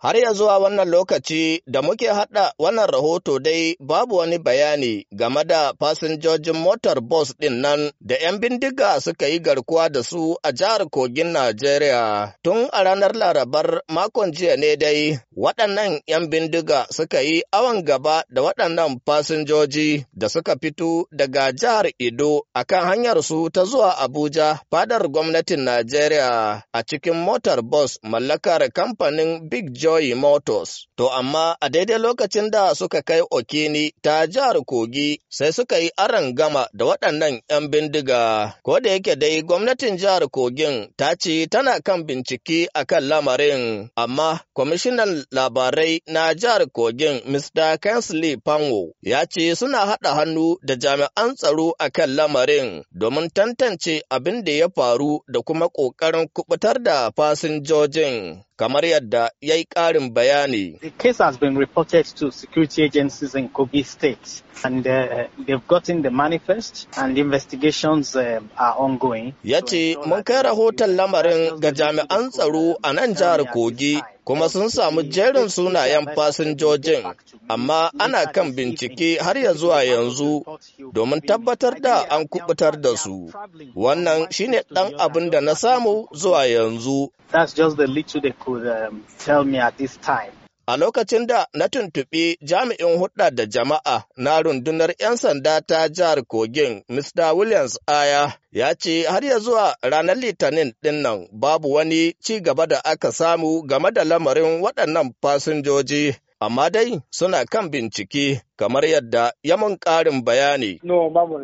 Har ya zuwa wannan lokaci da muke haɗa wannan rahoto dai babu wani bayani game da fasinjojin motar bus ɗin nan da 'yan bindiga suka yi garkuwa da su a jihar Kogin Najeriya. Tun a ranar Larabar makon jiya ne dai waɗannan 'yan bindiga suka yi awon gaba da waɗannan fasinjoji da suka fito daga jihar Ido a kan hanyar su ta zuwa Abuja fadar gwamnatin Najeriya a cikin motar bus mallakar kamfanin Big John. Joy Motors. To amma a daidai lokacin da suka kai Okini ta jihar Kogi sai suka yi aron gama da waɗannan 'yan bindiga. Ko da yake dai gwamnatin jihar Kogin ta ce tana kan bincike a kan lamarin, amma kwamishinan labarai na jihar Kogin Mr. Kensley Pango ya ce suna haɗa hannu da jami'an tsaro a kan lamarin domin tantance abin da ya faru da kuma ƙoƙarin kubutar da fasinjojin. kamar yadda ya yi ƙarin bayani. The case has been reported to security agencies in Kogi State and uh, they've gotten the manifest and the investigations uh, are ongoing. Ya ce, mun kai rahoton lamarin ga jami'an tsaro a nan jihar Kogi kuma sun samu jerin sunayen fasinjojin amma ana kan bincike har ya zuwa yanzu domin tabbatar da an kubutar da su wannan shine ɗan abin da na samu zuwa yanzu That's just the little they could um, tell me at this time. A lokacin da na tuntuɓi jami'in hulɗa da jama'a na rundunar 'yan sanda ta jihar Kogin, Mr. Williams Aya, ya ce har ya zuwa ranar Litinin ɗinnan babu wani ci gaba da aka samu game da lamarin waɗannan fasinjoji. amma dai suna kan bincike kamar yadda ya mun ƙarin bayani. No, babu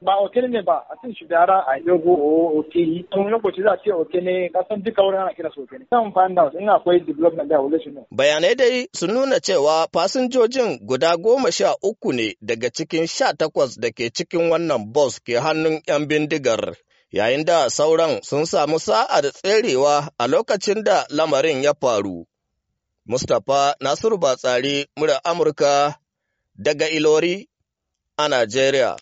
ba otel ne ba a cikin shidara a yogo otel tun lokaci za a ce otel ne kasan duka wurin ana kira su otel ne kan find out in akwai development da wale ne. bayanai dai sun nuna cewa fasinjojin guda goma sha uku ne daga cikin sha takwas da ke cikin wannan bus ke hannun yan bindigar yayin da sauran sun samu sa'ar tserewa a lokacin da lamarin ya faru Mustapha Nasiru Batsari, murar Amurka daga Ilori a Najeriya.